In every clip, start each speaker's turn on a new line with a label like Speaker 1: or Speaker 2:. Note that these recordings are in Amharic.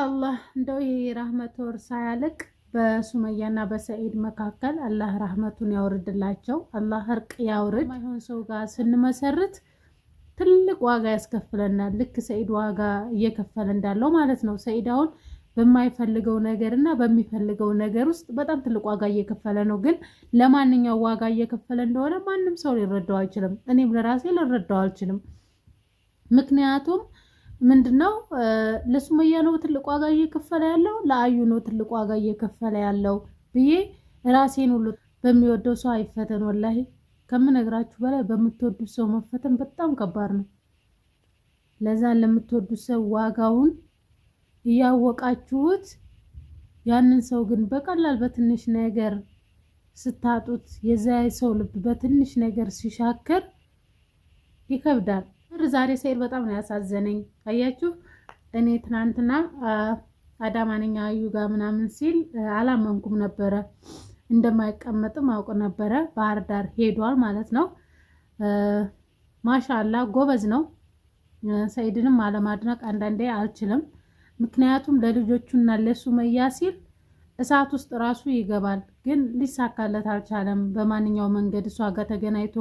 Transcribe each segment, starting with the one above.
Speaker 1: አላህ እንደው ይህ የራህመት ወር ሳያልቅ በሱመያና በሰኢድ መካከል አላህ ራህመቱን ያውርድላቸው። አላህ እርቅ ያውርድ። ማይሆን ሰው ጋር ስንመሰርት ትልቅ ዋጋ ያስከፍለናል። ልክ ሰኢድ ዋጋ እየከፈለ እንዳለው ማለት ነው። ሰኢድ አሁን በማይፈልገው ነገር እና በሚፈልገው ነገር ውስጥ በጣም ትልቅ ዋጋ እየከፈለ ነው። ግን ለማንኛው ዋጋ እየከፈለ እንደሆነ ማንም ሰው ሊረዳው አይችልም። እኔም ለራሴ ልረዳው አልችልም። ምክንያቱም ምንድን ነው ለሱመያ ነው ትልቅ ዋጋ እየከፈለ ያለው፣ ለአዩ ነው ትልቅ ዋጋ እየከፈለ ያለው ብዬ ራሴን ሁሉ በሚወደው ሰው አይፈተን። ወላሂ ከምነግራችሁ በላይ በምትወዱት ሰው መፈተን በጣም ከባድ ነው። ለዛ ለምትወዱት ሰው ዋጋውን እያወቃችሁት ያንን ሰው ግን በቀላል በትንሽ ነገር ስታጡት የዛ ሰው ልብ በትንሽ ነገር ሲሻክር ይከብዳል። ምር ዛሬ ሰይድ በጣም ነው ያሳዘነኝ። አያችሁ እኔ ትናንትና አዳማነኛ አዩ ጋር ምናምን ሲል አላመንኩም ነበረ። እንደማይቀመጥም አውቅ ነበረ። ባህር ዳር ሄዷል ማለት ነው። ማሻላ ጎበዝ ነው። ሰይድንም አለማድነቅ አንዳንዴ አልችልም። ምክንያቱም ለልጆቹና ለሱመያ ሲል እሳት ውስጥ ራሱ ይገባል። ግን ሊሳካለት አልቻለም። በማንኛው መንገድ እሷ ጋር ተገናኝቶ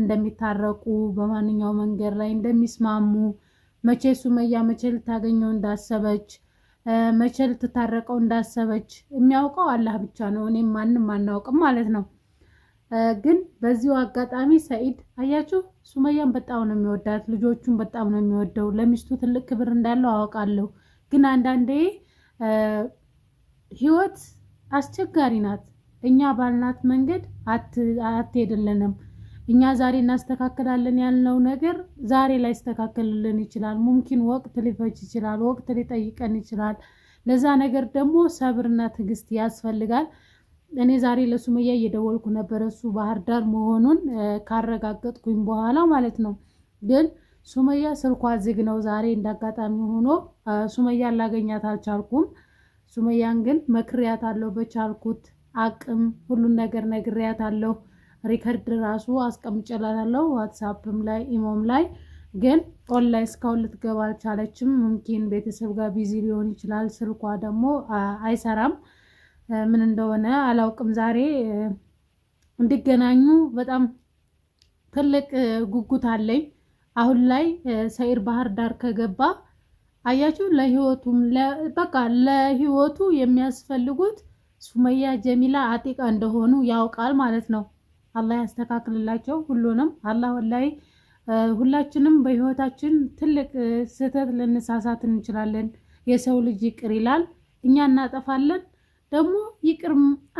Speaker 1: እንደሚታረቁ፣ በማንኛው መንገድ ላይ እንደሚስማሙ፣ መቼ ሱመያ መቼ ልታገኘው እንዳሰበች፣ መቼ ልትታረቀው እንዳሰበች የሚያውቀው አላህ ብቻ ነው። እኔም ማንም አናውቅም ማለት ነው። ግን በዚሁ አጋጣሚ ሰኢድ አያችሁ፣ ሱመያን በጣም ነው የሚወዳት፣ ልጆቹን በጣም ነው የሚወደው። ለሚስቱ ትልቅ ክብር እንዳለው አውቃለሁ። ግን አንዳንዴ ህይወት አስቸጋሪ ናት። እኛ ባልናት መንገድ አትሄድልንም። እኛ ዛሬ እናስተካክላለን ያልነው ነገር ዛሬ ላይስተካከልልን ይችላል። ሙምኪን ወቅት ሊፈጅ ይችላል። ወቅት ሊጠይቀን ይችላል። ለዛ ነገር ደግሞ ሰብርና ትዕግስት ያስፈልጋል። እኔ ዛሬ ለሱመያ እየደወልኩ ነበረ እሱ ባህር ዳር መሆኑን ካረጋገጥኩኝ በኋላ ማለት ነው። ግን ሱመያ ስልኳ ዝግ ነው። ዛሬ እንዳጋጣሚ ሆኖ ሱመያን ላገኛት አልቻልኩም። ሱመያን ግን መክሪያት አለው በቻልኩት አቅም ሁሉን ነገር ነግሪያት አለው። ሪከርድ ራሱ አስቀምጨላታለሁ ዋትሳፕም ላይ ኢሞም ላይ ግን ኦንላይን እስካሁን ልትገባ አልቻለችም። ሙምኪን ቤተሰብ ጋር ቢዚ ሊሆን ይችላል። ስልኳ ደግሞ አይሰራም፣ ምን እንደሆነ አላውቅም። ዛሬ እንዲገናኙ በጣም ትልቅ ጉጉት አለኝ። አሁን ላይ ሰኢድ ባህር ዳር ከገባ አያችሁ፣ ለህይወቱም በቃ ለህይወቱ የሚያስፈልጉት ሱመያ፣ ጀሚላ፣ አጢቃ እንደሆኑ ያውቃል ማለት ነው። አላህ ያስተካክልላቸው ሁሉንም። አላህ ወላይ ሁላችንም በህይወታችን ትልቅ ስህተት ልንሳሳት እንችላለን። የሰው ልጅ ይቅር ይላል፣ እኛ እናጠፋለን። ደግሞ ይቅር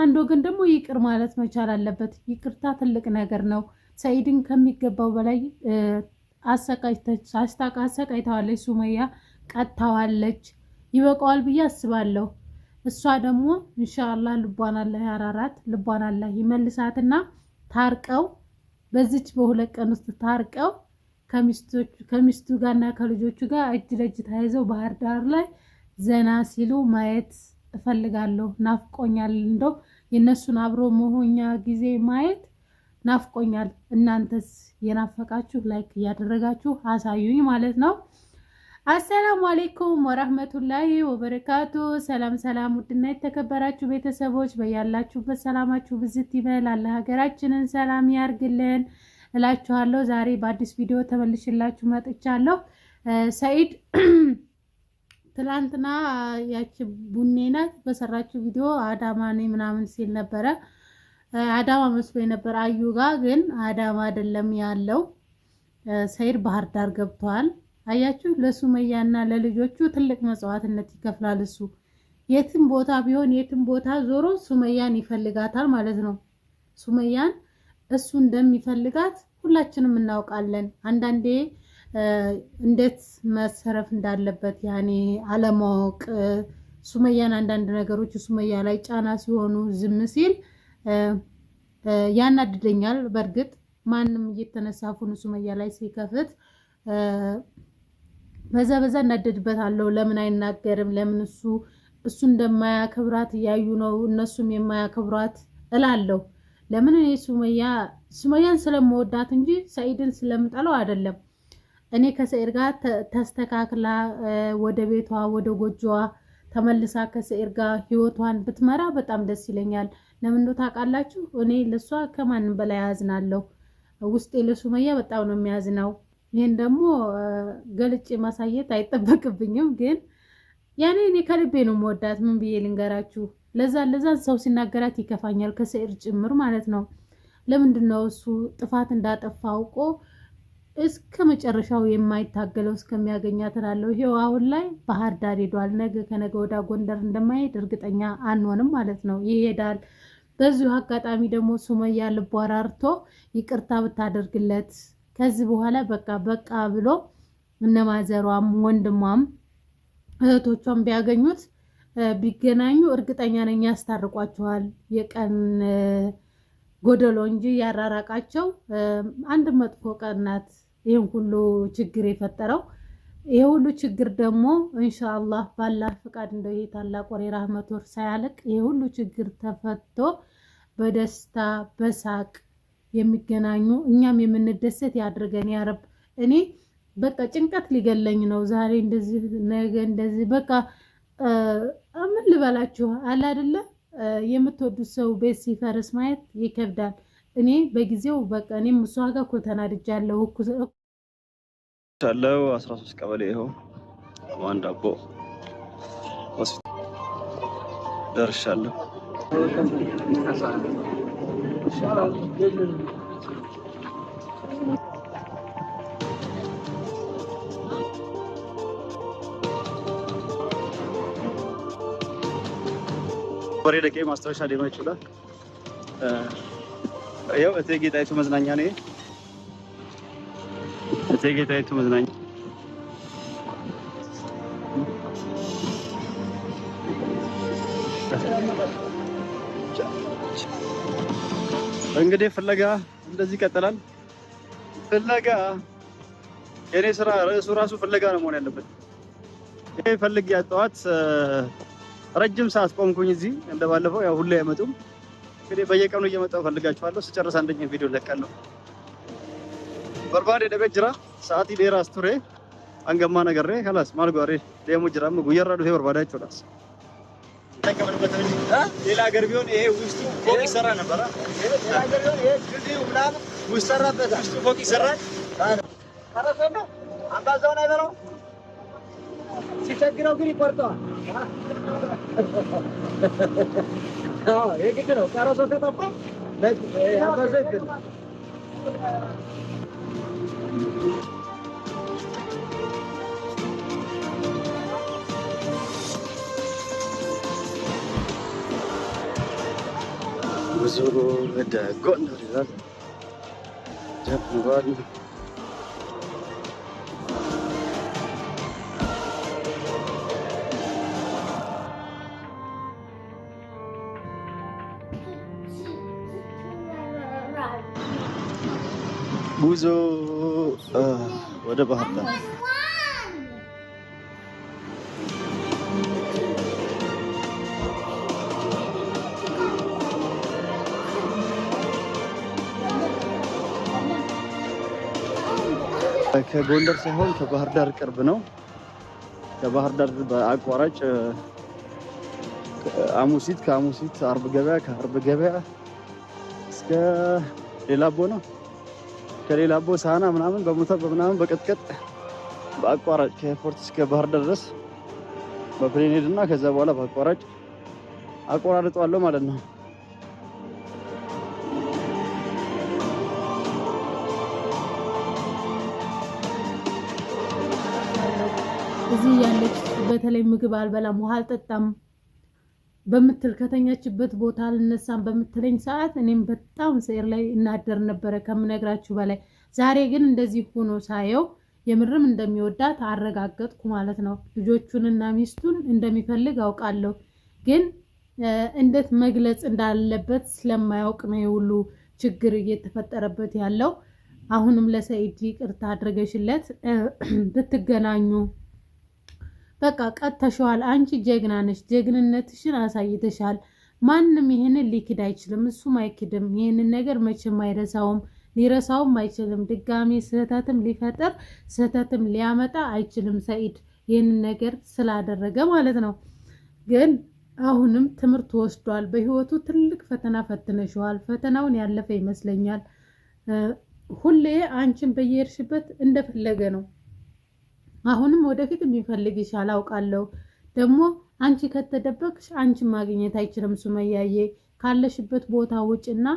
Speaker 1: አንድ ወገን ደግሞ ይቅር ማለት መቻል አለበት። ይቅርታ ትልቅ ነገር ነው። ሰኢድን ከሚገባው በላይ አሰቃይተዋለች፣ ሱመያ ቀጥታዋለች። ይበቃዋል ብዬ አስባለሁ። እሷ ደግሞ እንሻ አላህ ልቧን አላህ ያራራት፣ ልቧን አላህ ይመልሳትና ታርቀው በዚች በሁለት ቀን ውስጥ ታርቀው ከሚስቱ ጋር እና ከልጆቹ ጋር እጅ ለእጅ ተያይዘው ባህር ዳር ላይ ዘና ሲሉ ማየት እፈልጋለሁ። ናፍቆኛል። እንደው የእነሱን አብሮ መሆኛ ጊዜ ማየት ናፍቆኛል። እናንተስ የናፈቃችሁ ላይክ እያደረጋችሁ አሳዩኝ ማለት ነው። አሰላሙ አሌይኩም ወራህመቱላሂ ወበረካቱ። ሰላም ሰላም፣ ውድና የተከበራችሁ ቤተሰቦች በያላችሁበት ሰላማችሁ ብዝት ይበል። አለ ሀገራችንን ሰላም ያርግልን እላችኋለሁ። ዛሬ በአዲስ ቪዲዮ ተመልሽላችሁ መጥቻለሁ። ሰኢድ ትላንትና ያቺ ቡኔ ናት በሰራችሁ ቪዲዮ አዳማ ነኝ ምናምን ሲል ነበረ። አዳማ መስሎ የነበረ አዩ ጋ ግን አዳማ አይደለም ያለው ሰኢድ ባህር ዳር ገብቷል። አያችሁ ለሱመያና ለልጆቹ ትልቅ መጽዋዕትነት ይከፍላል። እሱ የትም ቦታ ቢሆን የትም ቦታ ዞሮ ሱመያን ይፈልጋታል ማለት ነው። ሱመያን እሱ እንደሚፈልጋት ሁላችንም እናውቃለን። አንዳንዴ እንዴት መሰረፍ እንዳለበት ያኔ አለማወቅ ሱመያን አንዳንድ ነገሮች ሱመያ ላይ ጫና ሲሆኑ ዝም ሲል ያናድደኛል። በእርግጥ ማንም እየተነሳፉን ሱመያ ላይ ሲከፍት በዛ በዛ እናደድበታለሁ። ለምን አይናገርም? ለምን እሱ እሱ እንደማያከብራት እያዩ ነው እነሱም የማያከብሯት እላለሁ። ለምን እኔ ሱመያ ሱመያን ስለምወዳት እንጂ ሰኢድን ስለምጠለው አይደለም። እኔ ከሰኢድ ጋር ተስተካክላ ወደ ቤቷ ወደ ጎጆዋ ተመልሳ ከሰኢድ ጋር ህይወቷን ብትመራ በጣም ደስ ይለኛል። ለምን እንደው ታውቃላችሁ፣ እኔ ለእሷ ከማንም በላይ ያዝናለሁ። ውስጤ ለሱመያ በጣም ነው የሚያዝነው?። ይህን ደግሞ ገልጬ ማሳየት አይጠበቅብኝም፣ ግን ያኔ እኔ ከልቤ ነው መወዳት። ምን ብዬ ልንገራችሁ? ለዛ ለዛ ሰው ሲናገራት ይከፋኛል፣ ከስዕር ጭምር ማለት ነው። ለምንድን ነው እሱ ጥፋት እንዳጠፋ አውቆ እስከ መጨረሻው የማይታገለው እስከሚያገኛት እላለሁ። ይሄው አሁን ላይ ባህር ዳር ሄዷል። ነገ ከነገ ወዳ ጎንደር እንደማይሄድ እርግጠኛ አንሆንም ማለት ነው። ይሄዳል። በዚሁ አጋጣሚ ደግሞ ሱመያ ልቧራርቶ ይቅርታ ብታደርግለት ከዚህ በኋላ በቃ በቃ ብሎ እነማዘሯም ወንድሟም እህቶቿም ቢያገኙት ቢገናኙ እርግጠኛ ነኝ ያስታርቋቸዋል። የቀን ጎደሎ እንጂ ያራራቃቸው አንድ መጥፎ ቀናት ይህን ሁሉ ችግር የፈጠረው ይህ ሁሉ ችግር ደግሞ እንሻአላህ ባላህ ፍቃድ እንደው ይሄ ታላቅ ወር የራህመት ወር ይህ ሁሉ ችግር ተፈቶ በደስታ በሳቅ የሚገናኙ እኛም የምንደሰት ያድርገን ያረብ። እኔ በቃ ጭንቀት ሊገለኝ ነው ዛሬ እንደዚህ ነገ እንደዚህ በቃ ምን ልበላችሁ አለ አይደለ? የምትወዱት ሰው ቤት ሲፈርስ ማየት ይከብዳል። እኔ በጊዜው በቃ እኔም እሷ ጋር እኮ ተናድጃለሁ።
Speaker 2: ለው አስራ ሶስት ቀበሌ ይኸው አንድ አቦ ደርሻለሁ። በሬ የለም ደቄ ማስታወሻ ሊሆን ይችላል። ይኸው እቴጌ ጣይቱ መዝናኛ ነው። እቴጌ ጣይቱ መዝናኛ እንግዲህ ፍለጋ እንደዚህ ይቀጥላል። ፍለጋ የኔ ስራ ርዕሱ ራሱ ፍለጋ ነው መሆን ያለበት። ይሄ ፈልግ ያጠዋት ረጅም ሰዓት ቆምኩኝ እዚህ እንደባለፈው ያው ሁሌ አይመጡም። እንግዲህ በየቀኑ እየመጣሁ ፈልጋችኋለሁ። ስጨርስ አንደኛ ቪዲዮ ለቃለሁ። በርባዴ ደበት ጅራ ሰዓት ዴራስ ቱሬ አንገማ ነገሬ ከላስ ማልጓሬ ደሙ ጅራም ጉየራዱ ሄ በርባዳችሁ ዳስ ሌላ ሀገር ቢሆን ይሄ ውስጡ ፎቅ ይሰራ ነበር። ውስጥ ሰራበት ውስጡ ፎቅ ይሰራል። ሲቸግረው ግን ይቆርጠዋል። የግድ ነው። ቀረሶ ከጠፋ huzuru ve de gönderilen tepkiler Buzo, uh, what about that? ከጎንደር ሳይሆን ከባህር ዳር ቅርብ ነው። ከባህር ዳር በአቋራጭ አሙሲት፣ ከአሙሲት አርብ ገበያ፣ ከአርብ ገበያ እስከ ሌላቦ ነው። ከሌላቦ ሳህና ምናምን በሞተር በምናምን በቀጥቀጥ በአቋራጭ ከኤርፖርት እስከ ባህር ዳር ድረስ በፕሌን ሄድና ከዛ በኋላ በአቋራጭ አቆራርጠዋለሁ ማለት ነው።
Speaker 1: እዚህ ያለች በተለይ ምግብ አልበላም ውሃ አልጠጣም በምትል ከተኛችበት ቦታ አልነሳም በምትለኝ ሰዓት እኔም በጣም ስር ላይ እናደር ነበረ ከምነግራችሁ በላይ። ዛሬ ግን እንደዚህ ሆኖ ሳየው የምርም እንደሚወዳት አረጋገጥኩ ማለት ነው። ልጆቹንና ሚስቱን እንደሚፈልግ አውቃለሁ፣ ግን እንዴት መግለጽ እንዳለበት ስለማያውቅ ነው የሁሉ ችግር እየተፈጠረበት ያለው። አሁንም ለሰኢድ ይቅርታ አድርገሽለት ብትገናኙ በቃ ቀጥተሽዋል። አንቺ ጀግና ነሽ፣ ጀግንነትሽን አሳይተሻል። ማንም ይህንን ሊክድ አይችልም፣ እሱም አይክድም። ይህንን ነገር መቼም አይረሳውም፣ ሊረሳውም አይችልም። ድጋሜ ስህተትም ሊፈጥር ስህተትም ሊያመጣ አይችልም። ሰኢድ ይህንን ነገር ስላደረገ ማለት ነው። ግን አሁንም ትምህርት ወስዷል። በህይወቱ ትልቅ ፈተና ፈትነሸዋል። ፈተናውን ያለፈ ይመስለኛል። ሁሌ አንቺን በየሄድሽበት እንደፈለገ ነው አሁንም ወደፊት የሚፈልግሽ አላውቃለሁ። ደግሞ አንቺ ከተደበቅሽ አንቺ ማግኘት አይችልም። ሱመያዬ ካለሽበት ቦታ ውጭና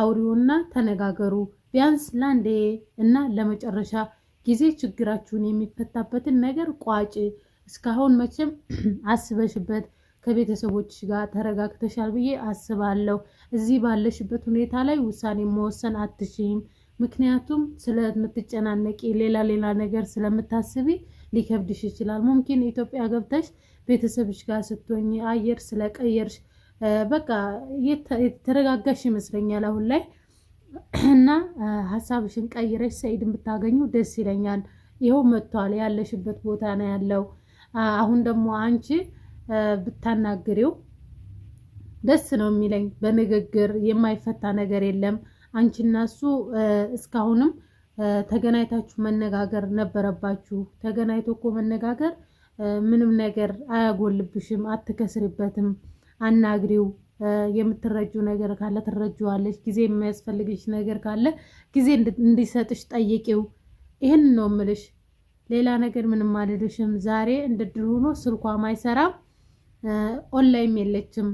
Speaker 1: አውሪውና ተነጋገሩ። ቢያንስ ለአንዴ እና ለመጨረሻ ጊዜ ችግራችሁን የሚፈታበትን ነገር ቋጭ። እስካሁን መቼም አስበሽበት ከቤተሰቦች ጋር ተረጋግተሻል ብዬ አስባለሁ። እዚህ ባለሽበት ሁኔታ ላይ ውሳኔ መወሰን አትችይም። ምክንያቱም ስለምትጨናነቂ ሌላ ሌላ ነገር ስለምታስቢ ሊከብድሽ ይችላል። ሙምኪን ኢትዮጵያ ገብተሽ ቤተሰብሽ ጋር ስትሆኝ አየር ስለቀየርሽ በቃ የተረጋጋሽ ይመስለኛል አሁን ላይ እና ሀሳብሽን ቀይረሽ ሰኢድን ብታገኙ ደስ ይለኛል። ይኸው መጥቷል፣ ያለሽበት ቦታ ነው ያለው። አሁን ደግሞ አንቺ ብታናግሪው ደስ ነው የሚለኝ። በንግግር የማይፈታ ነገር የለም። አንቺና እሱ እስካሁንም ተገናኝታችሁ መነጋገር ነበረባችሁ። ተገናኝቶ እኮ መነጋገር ምንም ነገር አያጎልብሽም፣ አትከስሪበትም። አናግሪው። የምትረጁ ነገር ካለ ትረጅዋለች። ጊዜ የሚያስፈልግሽ ነገር ካለ ጊዜ እንዲሰጥሽ ጠይቂው። ይህን ነው ምልሽ። ሌላ ነገር ምንም አልልሽም። ዛሬ እንድድር ሆኖ ስልኳም አይሰራም፣ ኦንላይም የለችም።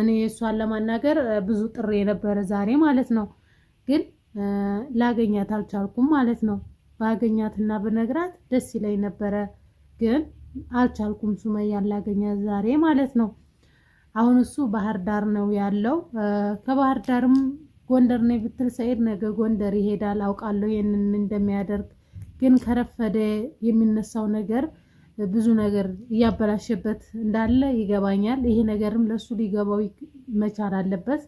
Speaker 1: እኔ እሷን ለማናገር ብዙ ጥሬ ነበረ ዛሬ ማለት ነው። ግን ላገኛት አልቻልኩም ማለት ነው። ባገኛትና ብነግራት ደስ ይለኝ ነበረ፣ ግን አልቻልኩም ሱመያን ላገኛት ዛሬ ማለት ነው። አሁን እሱ ባህር ዳር ነው ያለው። ከባህር ዳርም ጎንደር ነው ብትል ሰኢድ ነገ ጎንደር ይሄዳል አውቃለሁ ይህንን እንደሚያደርግ። ግን ከረፈደ የሚነሳው ነገር ብዙ ነገር እያበላሸበት እንዳለ ይገባኛል። ይሄ ነገርም ለእሱ ሊገባው መቻል አለበት።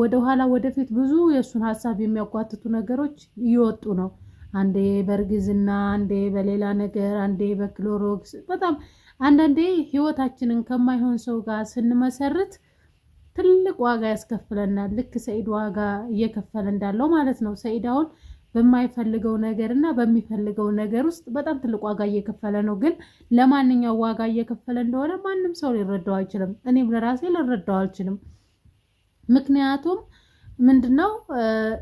Speaker 1: ወደኋላ ወደፊት ብዙ የእሱን ሀሳብ የሚያጓትቱ ነገሮች እየወጡ ነው። አንዴ በእርግዝና፣ አንዴ በሌላ ነገር፣ አንዴ በክሎሮክስ በጣም አንዳንዴ ህይወታችንን ከማይሆን ሰው ጋር ስንመሰርት ትልቅ ዋጋ ያስከፍለናል። ልክ ሰኢድ ዋጋ እየከፈለ እንዳለው ማለት ነው። ሰኢድ አሁን በማይፈልገው ነገር እና በሚፈልገው ነገር ውስጥ በጣም ትልቅ ዋጋ እየከፈለ ነው። ግን ለማንኛው ዋጋ እየከፈለ እንደሆነ ማንም ሰው ሊረዳው አይችልም። እኔም ለራሴ ልረዳው አልችልም። ምክንያቱም ምንድነው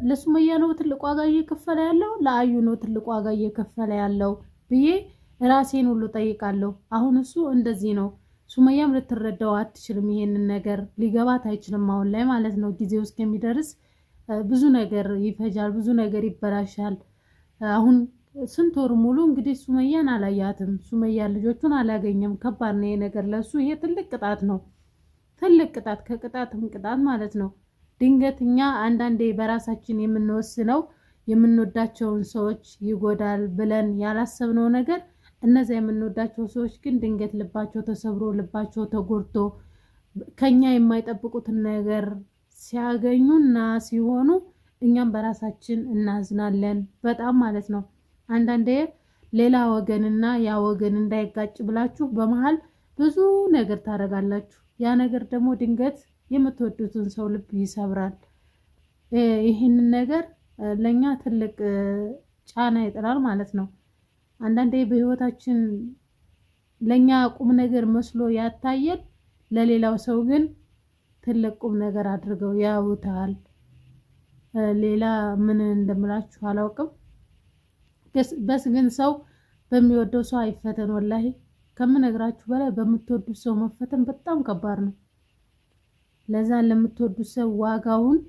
Speaker 1: ለሱመያ ነው ትልቅ ዋጋ እየከፈለ ያለው፣ ለአዩ ነው ትልቅ ዋጋ እየከፈለ ያለው ብዬ ራሴን ሁሉ ጠይቃለሁ። አሁን እሱ እንደዚህ ነው። ሱመያም ልትረዳው አትችልም። ይሄንን ነገር ሊገባት አይችልም። አሁን ላይ ማለት ነው ጊዜው እስከሚደርስ ብዙ ነገር ይፈጃል፣ ብዙ ነገር ይበላሻል። አሁን ስንት ወር ሙሉ እንግዲህ ሱመያን አላያትም። ሱመያን ልጆቹን አላገኘም። ከባድ ነው ይሄ ነገር ለሱ። ይሄ ትልቅ ቅጣት ነው። ትልቅ ቅጣት ከቅጣትም ቅጣት ማለት ነው። ድንገትኛ አንዳንዴ በራሳችን የምንወስነው የምንወዳቸውን ሰዎች ይጎዳል ብለን ያላሰብነው ነገር እነዚያ የምንወዳቸው ሰዎች ግን ድንገት ልባቸው ተሰብሮ ልባቸው ተጎድቶ ከኛ የማይጠብቁትን ነገር ሲያገኙና ሲሆኑ እኛም በራሳችን እናዝናለን። በጣም ማለት ነው። አንዳንዴ ሌላ ወገንና ያ ወገን እንዳይጋጭ ብላችሁ በመሀል ብዙ ነገር ታደርጋላችሁ። ያ ነገር ደግሞ ድንገት የምትወዱትን ሰው ልብ ይሰብራል። ይህንን ነገር ለእኛ ትልቅ ጫና ይጥላል ማለት ነው። አንዳንዴ በህይወታችን ለእኛ ቁም ነገር መስሎ ያታየል፣ ለሌላው ሰው ግን ትልቅ ቁም ነገር አድርገው ያውታል። ሌላ ምን እንደምላችሁ አላውቅም። በስ ግን ሰው በሚወደው ሰው አይፈተን ወላሂ። ከምነግራችሁ በላይ በምትወዱት ሰው መፈተን በጣም ከባድ ነው። ለዛ ለምትወዱት ሰው ዋጋውን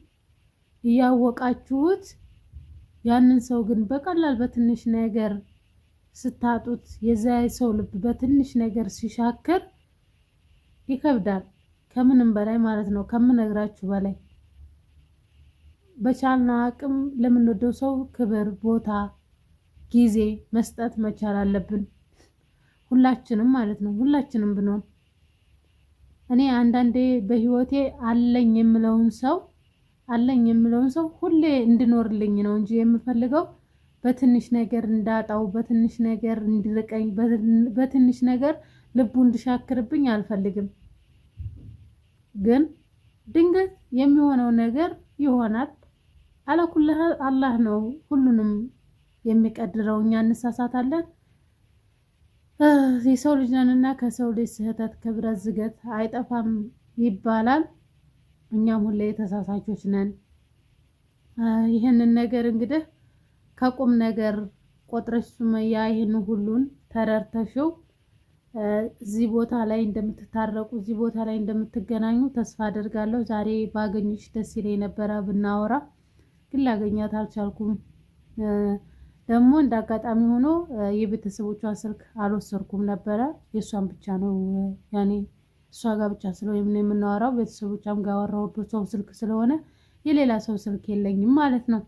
Speaker 1: እያወቃችሁት ያንን ሰው ግን በቀላል በትንሽ ነገር ስታጡት የዛ ሰው ልብ በትንሽ ነገር ሲሻክር ይከብዳል። ከምንም በላይ ማለት ነው ከምነግራችሁ በላይ በቻልና አቅም ለምንወደው ሰው ክብር፣ ቦታ፣ ጊዜ መስጠት መቻል አለብን። ሁላችንም ማለት ነው። ሁላችንም ብንሆን እኔ አንዳንዴ በህይወቴ አለኝ የምለውን ሰው አለኝ የምለውን ሰው ሁሌ እንድኖርልኝ ነው እንጂ የምፈልገው በትንሽ ነገር እንዳጣው፣ በትንሽ ነገር እንዲርቀኝ፣ በትንሽ ነገር ልቡ እንድሻክርብኝ አልፈልግም። ግን ድንገት የሚሆነው ነገር ይሆናል። አላኩልህ አላህ ነው ሁሉንም የሚቀድረው። እኛ እንሳሳታለን። የሰው ልጅ ነን እና ከሰው ልጅ ስህተት ክብረት ዝገት አይጠፋም ይባላል። እኛም ሁሌ ተሳሳቾች ነን። ይህንን ነገር እንግዲህ ከቁም ነገር ቆጥረሽ ሱመያ ይህን ሁሉን ተረድተሽው እዚህ ቦታ ላይ እንደምትታረቁ እዚህ ቦታ ላይ እንደምትገናኙ ተስፋ አደርጋለሁ። ዛሬ ባገኘሽ ደስ ይለኝ ነበረ ብናወራ፣ ግን ላገኛት አልቻልኩም። ደግሞ እንደ አጋጣሚ ሆኖ የቤተሰቦቿ ስልክ አልወሰድኩም ነበረ። የእሷን ብቻ ነው ያኔ እሷ ጋር ብቻ ስለሆነ የምናወራው ቤተሰቦቿም ጋር አወራሁበት ሰው ስልክ ስለሆነ የሌላ ሰው ስልክ የለኝም ማለት ነው።